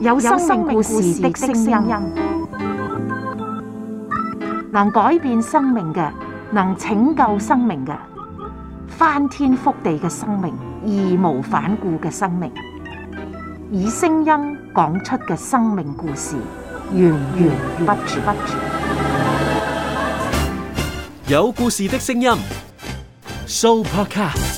有生命故事的聲音，能改變生命嘅，能拯救生命嘅，翻天覆地嘅生命，義無反顧嘅生命，以聲音講出嘅生命故事，源源不絕。有故事的聲音，Soupercast。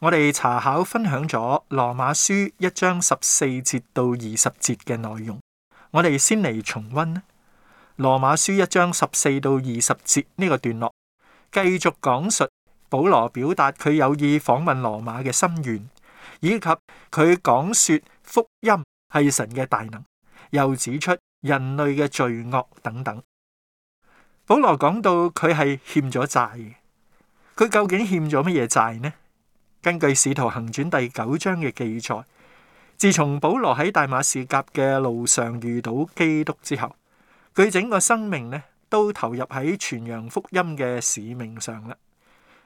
我哋查考分享咗羅馬書一章十四節到二十節嘅內容，我哋先嚟重溫羅馬書一章十四到二十節呢個段落，繼續講述保羅表達佢有意訪問羅馬嘅心願，以及佢講說福音係神嘅大能，又指出人類嘅罪惡等等。保羅講到佢係欠咗債，佢究竟欠咗乜嘢債呢？根據《使徒行傳》第九章嘅記載，自從保羅喺大馬士革嘅路上遇到基督之後，佢整個生命咧都投入喺傳揚福音嘅使命上啦。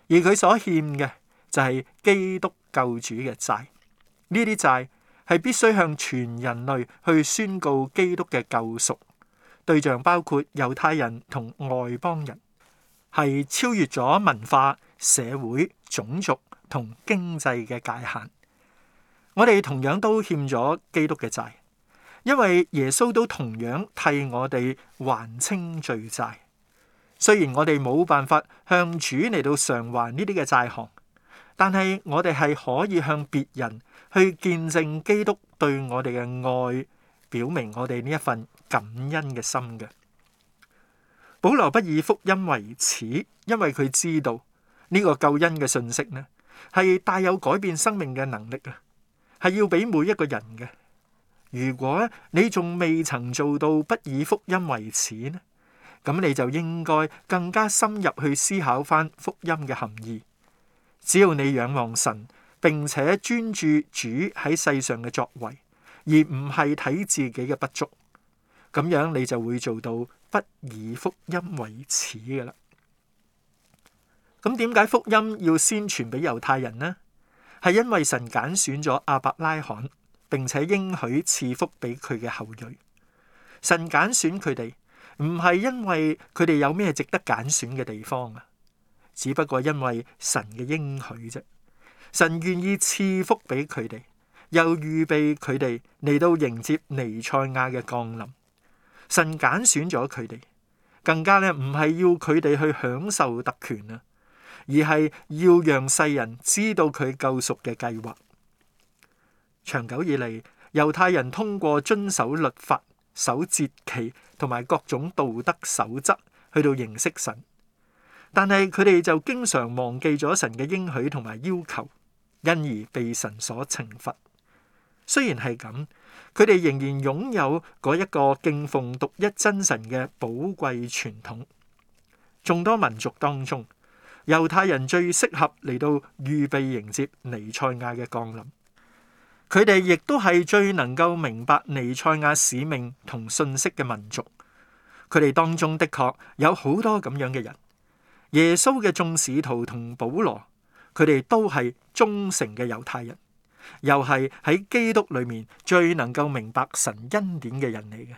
而佢所欠嘅就係基督救主嘅債，呢啲債係必須向全人類去宣告基督嘅救贖。對象包括猶太人同外邦人，係超越咗文化、社會、種族。同經濟嘅界限，我哋同樣都欠咗基督嘅債，因為耶穌都同樣替我哋還清罪債。雖然我哋冇辦法向主嚟到償還呢啲嘅債項，但係我哋係可以向別人去見證基督對我哋嘅愛，表明我哋呢一份感恩嘅心嘅。保羅不以福音為恥，因為佢知道呢個救恩嘅信息呢。係帶有改變生命嘅能力啊！係要俾每一個人嘅。如果你仲未曾做到不以福音為恥呢，咁你就應該更加深入去思考翻福音嘅含義。只要你仰望神，並且專注主喺世上嘅作為，而唔係睇自己嘅不足，咁樣你就會做到不以福音為恥嘅啦。咁點解福音要先傳俾猶太人呢？係因為神揀選咗亞伯拉罕，並且應許賜福俾佢嘅後裔。神揀選佢哋，唔係因為佢哋有咩值得揀選嘅地方啊，只不過因為神嘅應許啫。神願意賜福俾佢哋，又預備佢哋嚟到迎接彌賽亞嘅降臨。神揀選咗佢哋，更加咧唔係要佢哋去享受特權啊。而係要讓世人知道佢救贖嘅計劃。長久以嚟，猶太人通過遵守律法、守節期同埋各種道德守則，去到認識神。但係佢哋就經常忘記咗神嘅應許同埋要求，因而被神所懲罰。雖然係咁，佢哋仍然擁有嗰一個敬奉獨一真神嘅寶貴傳統。眾多民族當中，猶太人最適合嚟到預備迎接彌賽亞嘅降臨，佢哋亦都係最能夠明白彌賽亞使命同信息嘅民族。佢哋當中的確有好多咁樣嘅人，耶穌嘅眾使徒同保羅，佢哋都係忠誠嘅猶太人，又係喺基督裏面最能夠明白神恩典嘅人嚟嘅。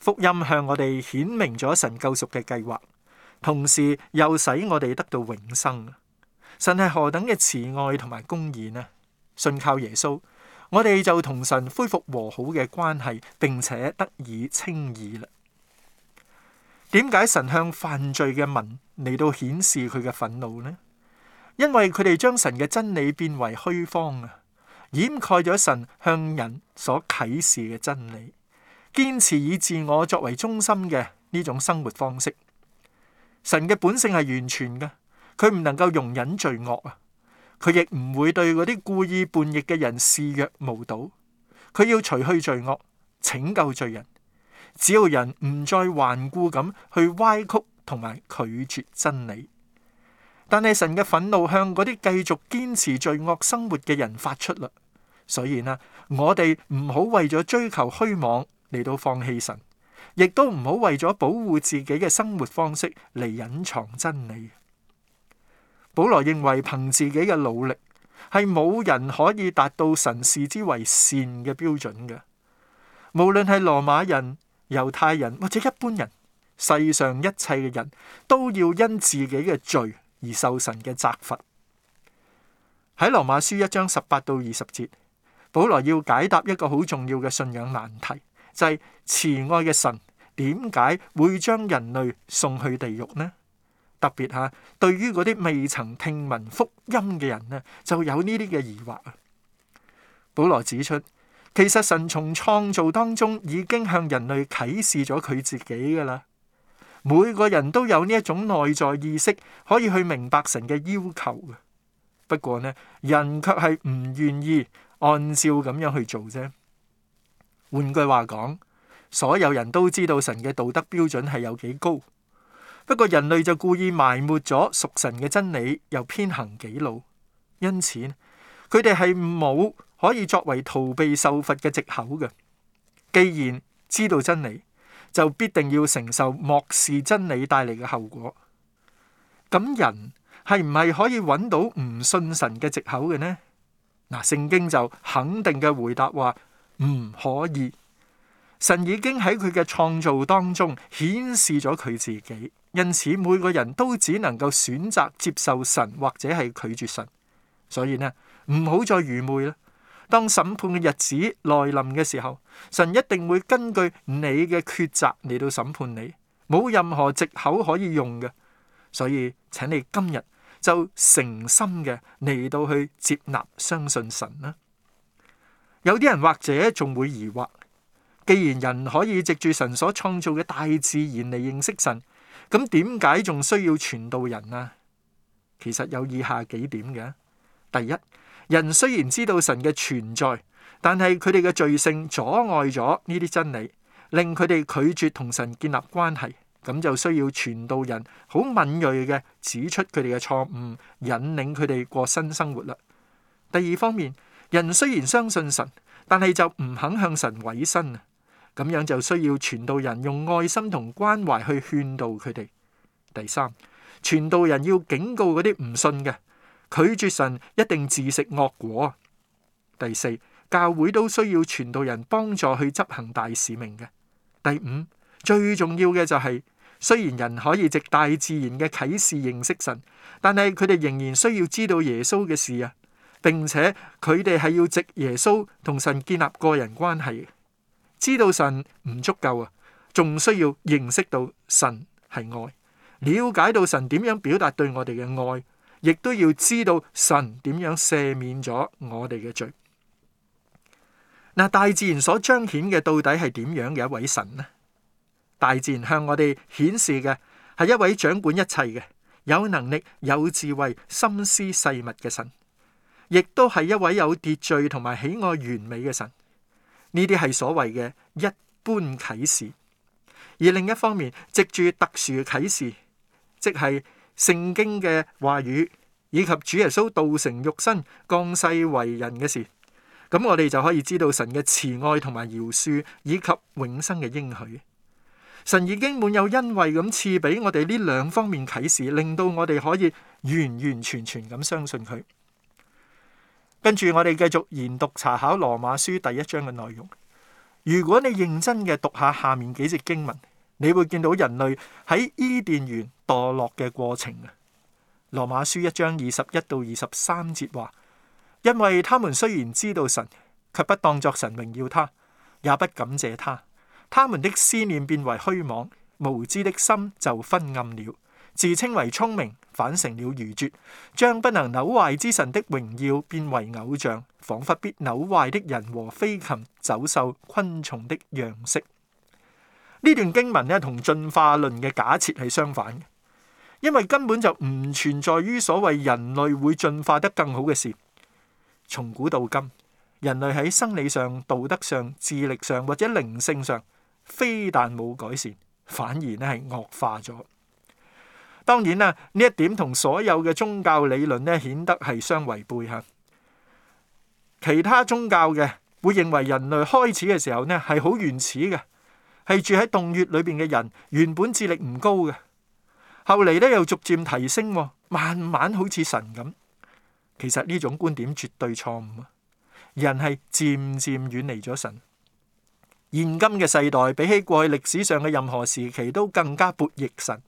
福音向我哋顯明咗神救贖嘅計劃。同時又使我哋得到永生。神係何等嘅慈愛同埋公義呢？信靠耶穌，我哋就同神恢復和好嘅關係，並且得以稱義啦。點解神向犯罪嘅民嚟到顯示佢嘅憤怒呢？因為佢哋將神嘅真理變為虛謊啊，掩蓋咗神向人所啟示嘅真理，堅持以自我作為中心嘅呢種生活方式。神嘅本性係完全嘅，佢唔能夠容忍罪惡啊！佢亦唔會對嗰啲故意叛逆嘅人視若無睹，佢要除去罪惡、拯救罪人。只要人唔再頑固咁去歪曲同埋拒絕真理，但係神嘅憤怒向嗰啲繼續堅持罪惡生活嘅人發出啦。所以呢，我哋唔好為咗追求虛妄嚟到放棄神。亦都唔好為咗保護自己嘅生活方式嚟隱藏真理。保羅認為憑自己嘅努力係冇人可以達到神視之為善嘅標準嘅。無論係羅馬人、猶太人或者一般人，世上一切嘅人都要因自己嘅罪而受神嘅責罰。喺羅馬書一章十八到二十節，保羅要解答一個好重要嘅信仰難題，就係慈愛嘅神。點解會將人類送去地獄呢？特別吓，對於嗰啲未曾聽聞福音嘅人呢，就有呢啲嘅疑惑啊。保羅指出，其實神從創造當中已經向人類啟示咗佢自己噶啦。每個人都有呢一種內在意識，可以去明白神嘅要求嘅。不過呢，人卻係唔願意按照咁樣去做啫。換句話講。所有人都知道神嘅道德標準係有幾高，不過人類就故意埋沒咗屬神嘅真理，又偏行己路，因此佢哋係冇可以作為逃避受罰嘅借口嘅。既然知道真理，就必定要承受漠視真理帶嚟嘅後果。咁人係唔係可以揾到唔信神嘅借口嘅呢？嗱，聖經就肯定嘅回答話唔可以。神已經喺佢嘅創造當中顯示咗佢自己，因此每個人都只能夠選擇接受神或者係拒絕神。所以呢，唔好再愚昧啦。當審判嘅日子來臨嘅時候，神一定會根據你嘅抉擇嚟到審判你，冇任何藉口可以用嘅。所以，請你今日就誠心嘅嚟到去接納、相信神啦。有啲人或者仲會疑惑。既然人可以藉住神所創造嘅大自然嚟認識神，咁點解仲需要傳道人啊？其實有以下幾點嘅：第一，人雖然知道神嘅存在，但係佢哋嘅罪性阻礙咗呢啲真理，令佢哋拒絕同神建立關係，咁就需要傳道人好敏銳嘅指出佢哋嘅錯誤，引領佢哋過新生活啦。第二方面，人雖然相信神，但係就唔肯向神委身啊。咁樣就需要傳道人用愛心同關懷去勸導佢哋。第三，傳道人要警告嗰啲唔信嘅，拒絕神一定自食惡果。第四，教會都需要傳道人幫助去執行大使命嘅。第五，最重要嘅就係，雖然人可以藉大自然嘅啟示認識神，但係佢哋仍然需要知道耶穌嘅事啊！並且佢哋係要藉耶穌同神建立個人關係。知道神唔足夠啊，仲需要認識到神係愛，了解到神點樣表達對我哋嘅愛，亦都要知道神點樣赦免咗我哋嘅罪。嗱，大自然所彰顯嘅到底係點樣嘅一位神呢？大自然向我哋顯示嘅係一位掌管一切嘅，有能力、有智慧、心思細密嘅神，亦都係一位有秩序同埋喜愛完美嘅神。呢啲係所謂嘅一般啟示，而另一方面，藉住特殊嘅啟示，即係聖經嘅話語以及主耶穌道成肉身降世為人嘅事，咁我哋就可以知道神嘅慈愛同埋饒恕以及永生嘅應許。神已經滿有恩惠咁賜俾我哋呢兩方面啟示，令到我哋可以完完全全咁相信佢。跟住我哋繼續研讀查考羅馬書第一章嘅內容。如果你認真嘅讀下下面幾節經文，你會見到人類喺伊甸園墮落嘅過程啊！羅馬書一章二十一到二十三節話：因為他們雖然知道神，却不當作神榮耀他，也不感謝他，他們的思念變為虛妄，無知的心就昏暗了。自稱為聰明，反成了愚拙，將不能朽壞之神的榮耀變為偶像，仿佛必朽壞的人和飛禽走獸、昆蟲的樣式。呢段經文呢，同進化論嘅假設係相反，因為根本就唔存在於所謂人類會進化得更好嘅事。從古到今，人類喺生理上、道德上、智力上或者靈性上，非但冇改善，反而呢係惡化咗。當然啦，呢一點同所有嘅宗教理論呢顯得係相違背嚇。其他宗教嘅會認為人類開始嘅時候呢係好原始嘅，係住喺洞穴裏邊嘅人，原本智力唔高嘅。後嚟呢又逐漸提升，哦，慢慢好似神咁。其實呢種觀點絕對錯誤。人係漸漸遠離咗神。現今嘅世代比起過去歷史上嘅任何時期都更加叛逆神。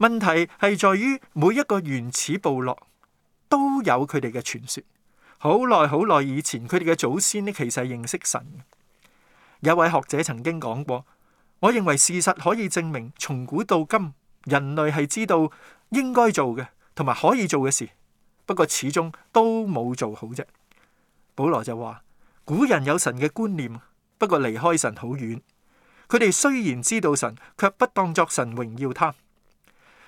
問題係在於每一個原始部落都有佢哋嘅傳說。好耐好耐以前，佢哋嘅祖先呢，其實認識神嘅。有位學者曾經講過，我認為事實可以證明，從古到今人類係知道應該做嘅同埋可以做嘅事，不過始終都冇做好啫。保羅就話：古人有神嘅觀念，不過離開神好遠。佢哋雖然知道神，卻不當作神，榮耀他。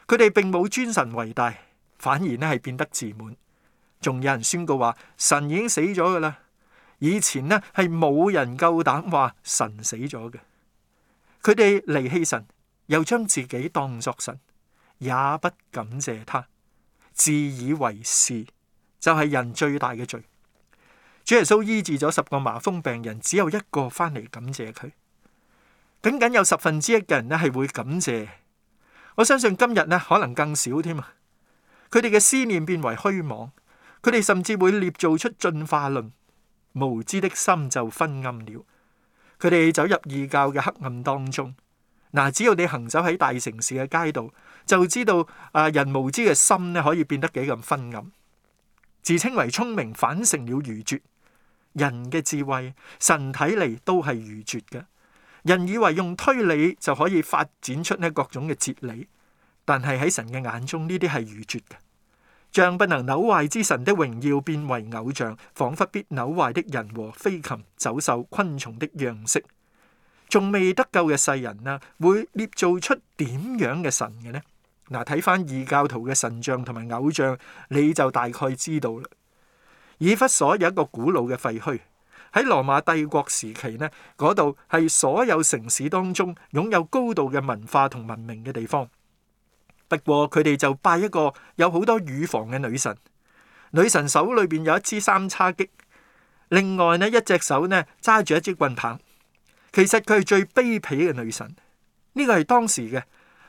佢哋並冇尊神為大，反而咧係變得自滿，仲有人宣告話神已經死咗㗎喇。以前咧係冇人夠膽話神死咗嘅，佢哋離棄神，又將自己當作神，也不感謝他，自以為是就係、是、人最大嘅罪。主耶穌醫治咗十個麻風病人，只有一個翻嚟感謝佢，僅僅有十分之一嘅人咧係會感謝。我相信今日呢，可能更少添啊！佢哋嘅思念變為虛妄，佢哋甚至會捏造出進化論。無知的心就昏暗了，佢哋走入異教嘅黑暗當中。嗱，只要你行走喺大城市嘅街道，就知道啊，人無知嘅心呢可以變得幾咁昏暗。自稱為聰明，反成了愚拙。人嘅智慧，神睇嚟都係愚拙嘅。人以為用推理就可以發展出呢各種嘅哲理，但係喺神嘅眼中呢啲係愚拙嘅。將不能朽壞之神的榮耀變為偶像，彷彿必朽壞的人和飛禽走獸昆蟲的樣式。仲未得救嘅世人啦，啊，會捏造出點樣嘅神嘅呢？嗱，睇返異教徒嘅神像同埋偶像，你就大概知道啦。以弗所有一個古老嘅廢墟。喺羅馬帝國時期，呢嗰度係所有城市當中擁有高度嘅文化同文明嘅地方。不過佢哋就拜一個有好多乳房嘅女神，女神手裏邊有一支三叉戟，另外呢，一隻手呢揸住一支棍棒。其實佢係最卑鄙嘅女神。呢個係當時嘅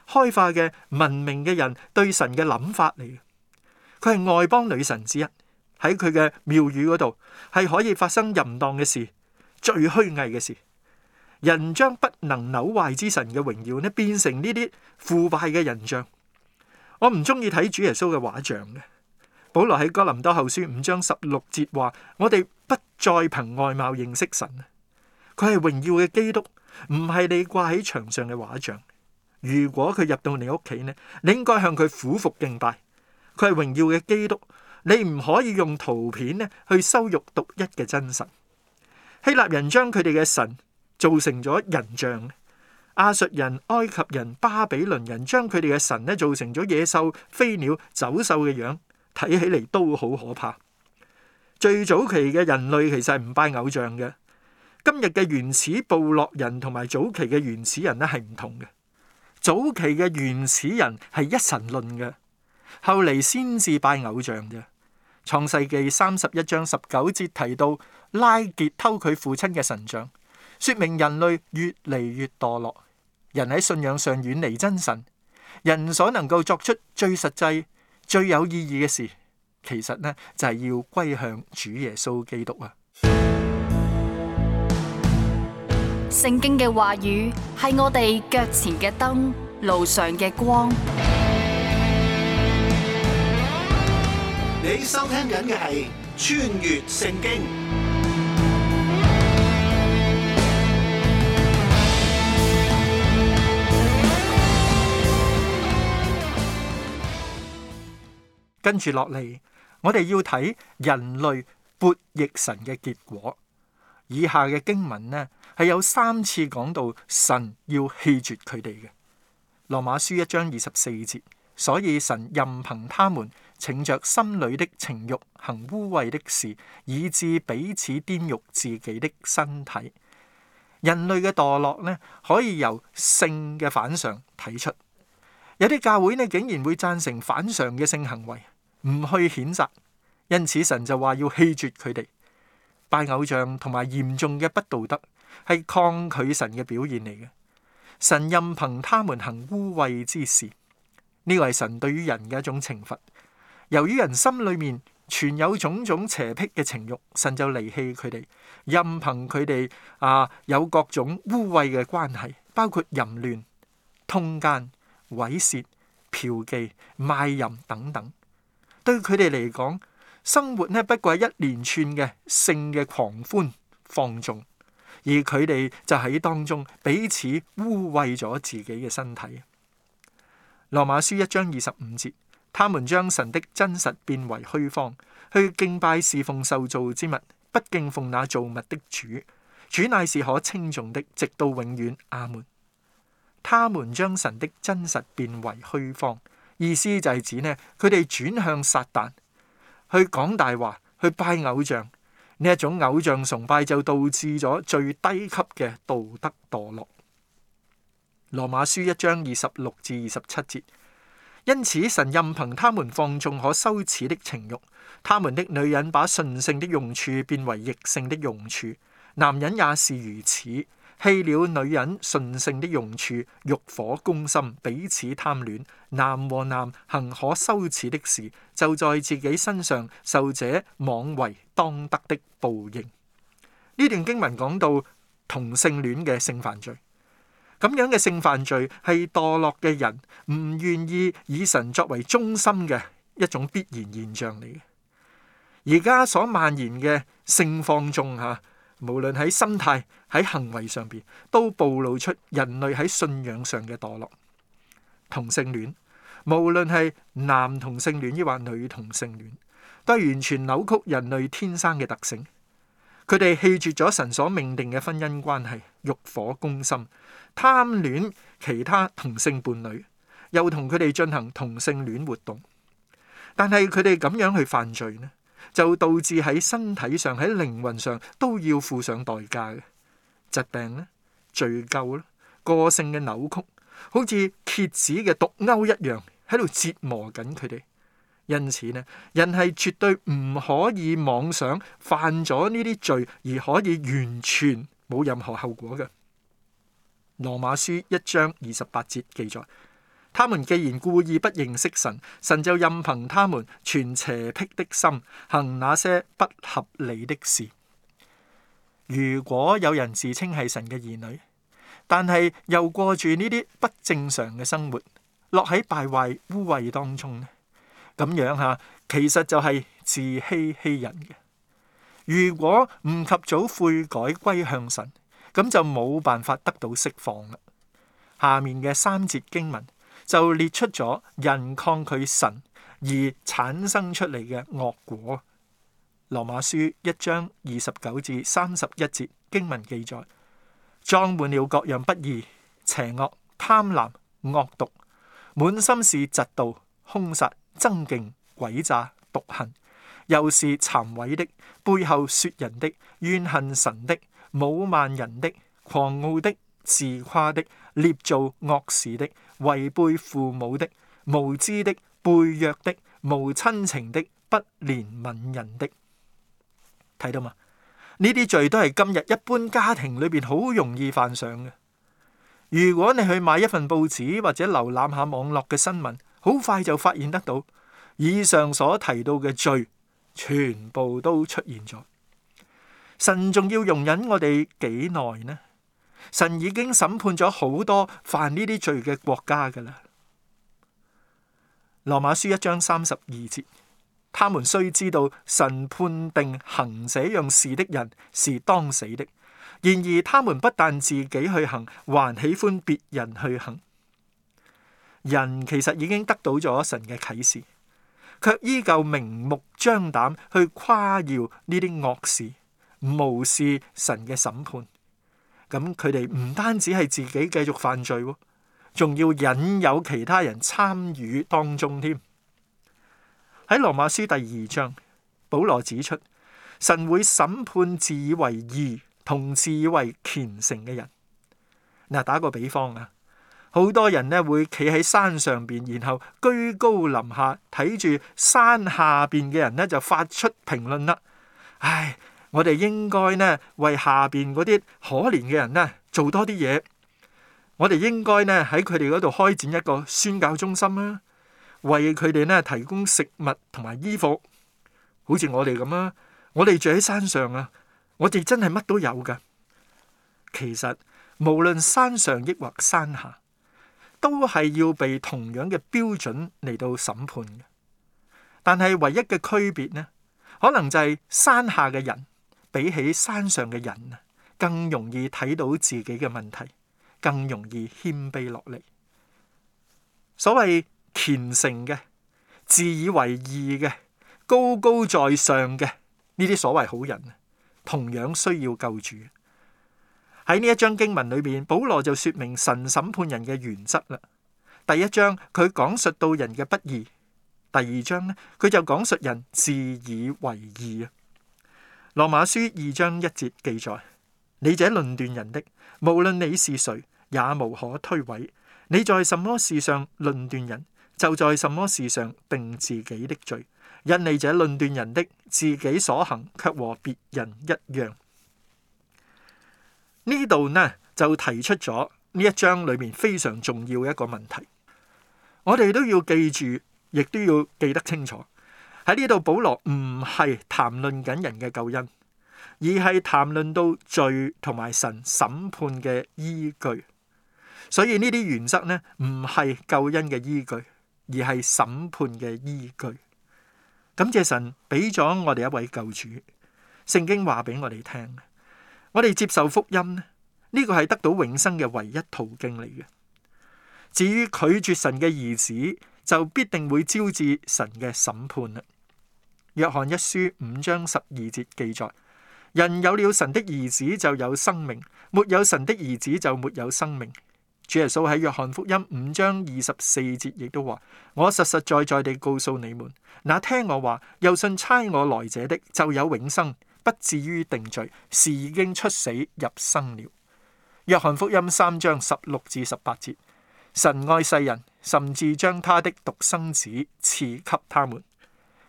開化嘅文明嘅人對神嘅諗法嚟嘅。佢係外邦女神之一。喺佢嘅廟宇嗰度，係可以發生淫蕩嘅事、最虛偽嘅事。人將不能朽壞之神嘅榮耀呢，變成呢啲腐敗嘅人像。我唔中意睇主耶穌嘅畫像嘅。保羅喺哥林多後書五章十六節話：我哋不再憑外貌認識神啊。佢係榮耀嘅基督，唔係你掛喺牆上嘅畫像。如果佢入到你屋企呢，你應該向佢俯伏敬拜。佢係榮耀嘅基督。你唔可以用圖片咧去羞辱獨一嘅真神。希臘人將佢哋嘅神做成咗人像，亞述人、埃及人、巴比倫人將佢哋嘅神咧造成咗野獸、飛鳥、走獸嘅樣，睇起嚟都好可怕。最早期嘅人類其實係唔拜偶像嘅。今日嘅原始部落人同埋早期嘅原始人咧係唔同嘅。早期嘅原始人係一神論嘅，後嚟先至拜偶像嘅。創世記三十一章十九節提到拉結偷佢父親嘅神像，說明人類越嚟越墮落，人喺信仰上遠離真神。人所能夠作出最實際、最有意義嘅事，其實呢就係要歸向主耶穌基督啊！聖經嘅話語係我哋腳前嘅燈，路上嘅光。你收聽緊嘅係穿越聖經，跟住落嚟，我哋要睇人類悖逆神嘅結果。以下嘅經文呢，係有三次講到神要棄絕佢哋嘅。《羅馬書》一章二十四節，所以神任憑他們。逞着心裏的情欲行污穢的事，以致彼此玷辱自己的身體。人類嘅墮落呢，可以由性嘅反常睇出。有啲教會呢竟然會贊成反常嘅性行為，唔去譴責，因此神就話要棄絕佢哋。拜偶像同埋嚴重嘅不道德係抗拒神嘅表現嚟嘅。神任憑他們行污穢之事，呢個係神對於人嘅一種懲罰。由於人心裏面存有種種邪癖嘅情慾，神就離棄佢哋，任憑佢哋啊有各種污穢嘅關係，包括淫亂、通奸、猥褻、嫖妓、賣淫等等。對佢哋嚟講，生活呢不過係一連串嘅性嘅狂歡放縱，而佢哋就喺當中彼此污穢咗自己嘅身體。羅馬書一章二十五節。他們將神的真實變為虛謊，去敬拜侍奉受造之物，不敬奉那造物的主。主乃是可稱頌的，直到永遠。阿門。他們將神的真實變為虛謊，意思就係指呢，佢哋轉向撒旦，去講大話，去拜偶像。呢一種偶像崇拜就導致咗最低級嘅道德墮落。羅馬書一章二十六至二十七節。.因此，神任憑他們放縱可羞恥的情欲，他們的女人把順性的用處變為逆性的用處，男人也是如此，棄了女人順性的用處，欲火攻心，彼此貪戀，男和男行可羞恥的事，就在自己身上受者妄為當得的報應。呢段經文講到同性戀嘅性犯罪。咁樣嘅性犯罪係墮落嘅人唔願意以神作為中心嘅一種必然現象嚟嘅。而家所蔓延嘅性放縱吓，無論喺心態喺行為上面，都暴露出人類喺信仰上嘅墮落。同性戀，無論係男同性戀抑或女同性戀，都係完全扭曲人類天生嘅特性。佢哋棄絕咗神所命定嘅婚姻關係，欲火攻心。貪戀其他同性伴侶，又同佢哋進行同性戀活動，但係佢哋咁樣去犯罪呢，就導致喺身體上、喺靈魂上都要付上代價嘅疾病咧、罪疚啦、個性嘅扭曲，好似蠍子嘅毒鈎一樣喺度折磨緊佢哋。因此呢，人係絕對唔可以妄想犯咗呢啲罪而可以完全冇任何後果嘅。羅馬書一章二十八節記載：他們既然故意不認識神，神就任憑他們存邪僻的心，行那些不合理的事。如果有人自稱係神嘅兒女，但係又過住呢啲不正常嘅生活，落喺敗壞污穢當中咧，咁樣吓、啊，其實就係自欺欺人嘅。如果唔及早悔改歸向神，咁就冇辦法得到釋放啦。下面嘅三節經文就列出咗人抗拒神而產生出嚟嘅惡果。羅馬書一章二十九至三十一節經文記載：裝滿了各樣不義、邪惡、貪婪、惡毒，滿心是嫉妒、兇殺、爭競、詭詐、毒恨，又是讒毀的、背後説人的、怨恨神的。侮慢人的狂傲的自誇的捏造惡事的違背父母的無知的背約的無親情的不憐憫人的，睇到嘛？呢啲罪都係今日一般家庭裏邊好容易犯上嘅。如果你去買一份報紙或者瀏覽下網絡嘅新聞，好快就發現得到以上所提到嘅罪，全部都出現咗。神仲要容忍我哋幾耐呢？神已經審判咗好多犯呢啲罪嘅國家噶啦。羅馬書一章三十二節，他們雖知道神判定行這樣事的人是當死的。然而，他們不但自己去行，還喜歡別人去行。人其實已經得到咗神嘅啟示，卻依舊明目張膽去誇耀呢啲惡事。無視神嘅審判，咁佢哋唔單止係自己繼續犯罪，仲要引誘其他人參與當中添。喺羅馬書第二章，保羅指出神會審判自以為義同自以為虔誠嘅人。嗱，打個比方啊，好多人呢會企喺山上邊，然後居高臨下睇住山下邊嘅人呢，就發出評論啦。唉。我哋應該咧為下邊嗰啲可憐嘅人咧做多啲嘢。我哋應該咧喺佢哋嗰度開展一個宣教中心啦，啊，為佢哋咧提供食物同埋衣服。好似我哋咁啊，我哋住喺山上啊，我哋真係乜都有㗎。其實無論山上抑或山下，都係要被同樣嘅標準嚟到審判嘅。但係唯一嘅區別咧，可能就係山下嘅人。比起山上嘅人，更容易睇到自己嘅問題，更容易謙卑落嚟。所謂虔誠嘅、自以為義嘅、高高在上嘅呢啲所謂好人，同樣需要救主。喺呢一章經文裏面，保羅就說明神審判人嘅原則啦。第一章佢講述到人嘅不義；第二章咧佢就講述人自以為義啊。羅馬書二章一節記載：你這論斷人的，無論你是誰，也無可推諉。你在什麼事上論斷人，就在什麼事上定自己的罪。因你這論斷人的，自己所行卻和別人一樣。呢度呢就提出咗呢一章裏面非常重要嘅一個問題，我哋都要記住，亦都要記得清楚。喺呢度，保羅唔係談論緊人嘅救恩，而係談論到罪同埋神審判嘅依據。所以呢啲原則咧，唔係救恩嘅依據，而係審判嘅依據。感謝神俾咗我哋一位救主。聖經話俾我哋聽，我哋接受福音，呢個係得到永生嘅唯一途徑嚟嘅。至於拒絕神嘅兒子，就必定會招致神嘅審判啦。約翰一書五章十二節記載：人有了神的兒子就有生命，沒有神的兒子就沒有生命。主耶穌喺約翰福音五章二十四節亦都話：我實實在在地告訴你們，那聽我話又信差我來者的就有永生，不至於定罪，是已經出死入生了。約翰福音三章十六至十八節：神愛世人，甚至將他的獨生子賜給他們。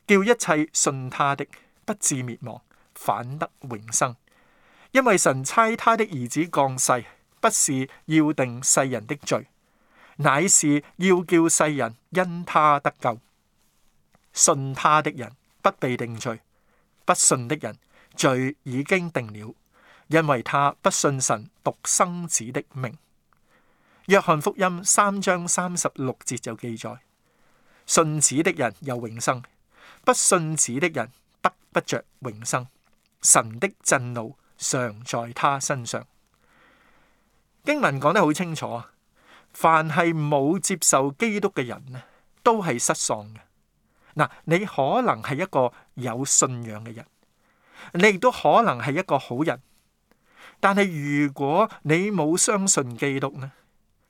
叫一切信他的不至滅亡，反得永生。因為神差他的兒子降世，不是要定世人的罪，乃是要叫世人因他得救。信他的人不被定罪；不信的人罪已經定了，因為他不信神獨生子的名。約翰福音三章三十六節就記載：信子的人有永生。不信子的人得不着永生，神的震怒常在他身上。經文講得好清楚，凡係冇接受基督嘅人咧，都係失喪嘅。嗱，你可能係一個有信仰嘅人，你亦都可能係一個好人，但係如果你冇相信基督咧，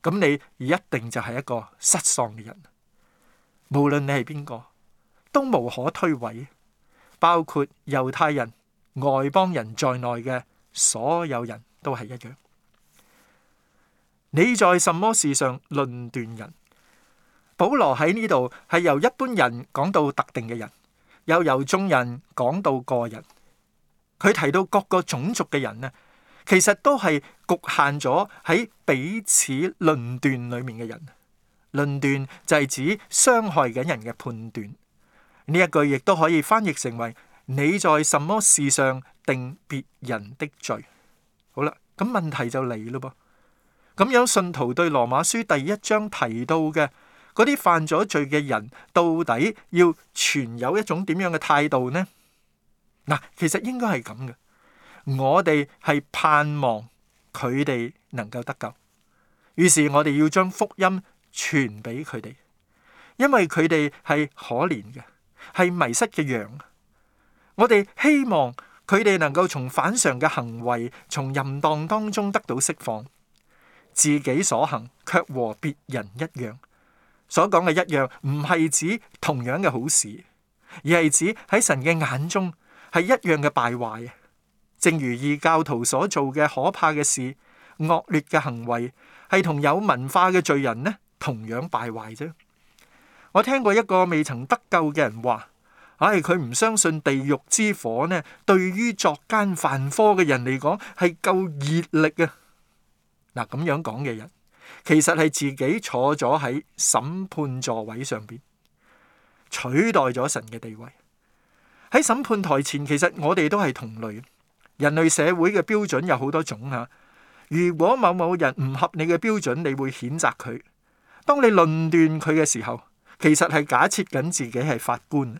咁你一定就係一個失喪嘅人。無論你係邊個，都無可推諉，包括猶太人、外邦人在內嘅所有人都係一樣。你在什麼事上論斷人？保羅喺呢度係由一般人講到特定嘅人，又由眾人講到個人。佢提到各個種族嘅人呢，其實都係局限咗喺彼此論斷裏面嘅人。論斷就係指傷害緊人嘅判斷。呢一句亦都可以翻譯成為你在什麼事上定別人的罪。好啦，咁問題就嚟咯噃。咁樣，信徒對羅馬書第一章提到嘅嗰啲犯咗罪嘅人，到底要存有一種點樣嘅態度呢？嗱，其實應該係咁嘅，我哋係盼望佢哋能夠得救，於是我哋要將福音傳俾佢哋，因為佢哋係可憐嘅。係迷失嘅羊，我哋希望佢哋能夠從反常嘅行為、從淫蕩當中得到釋放。自己所行卻和別人一樣，所講嘅一樣，唔係指同樣嘅好事，而係指喺神嘅眼中係一樣嘅敗壞啊！正如異教徒所做嘅可怕嘅事、惡劣嘅行為，係同有文化嘅罪人呢同樣敗壞啫。我聽過一個未曾得救嘅人話：唉、哎，佢唔相信地獄之火呢，對於作奸犯科嘅人嚟講係夠熱力啊。嗱，咁樣講嘅人其實係自己坐咗喺審判座位上邊，取代咗神嘅地位喺審判台前。其實我哋都係同類，人類社會嘅標準有好多種吓。如果某某人唔合你嘅標準，你會譴責佢。當你論斷佢嘅時候，其實係假設緊自己係法官。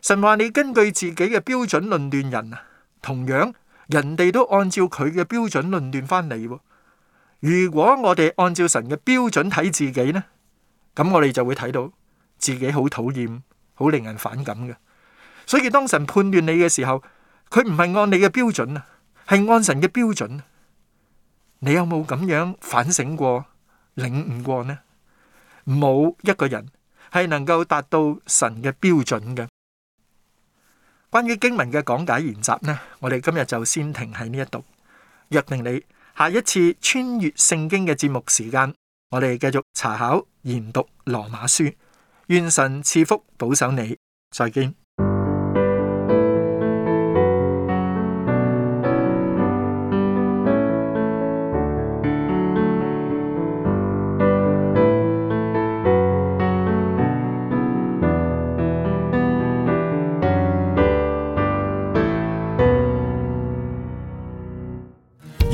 神話你根據自己嘅標準論斷人啊，同樣人哋都按照佢嘅標準論斷翻你。如果我哋按照神嘅標準睇自己呢，咁我哋就會睇到自己好討厭、好令人反感嘅。所以當神判斷你嘅時候，佢唔係按你嘅標準啊，係按神嘅標準。你有冇咁樣反省過、領悟過呢？冇一個人。係能夠達到神嘅標準嘅。關於經文嘅講解研習呢，我哋今日就先停喺呢一度。約定你下一次穿越聖經嘅節目時間，我哋繼續查考研讀羅馬書。願神賜福保守你。再見。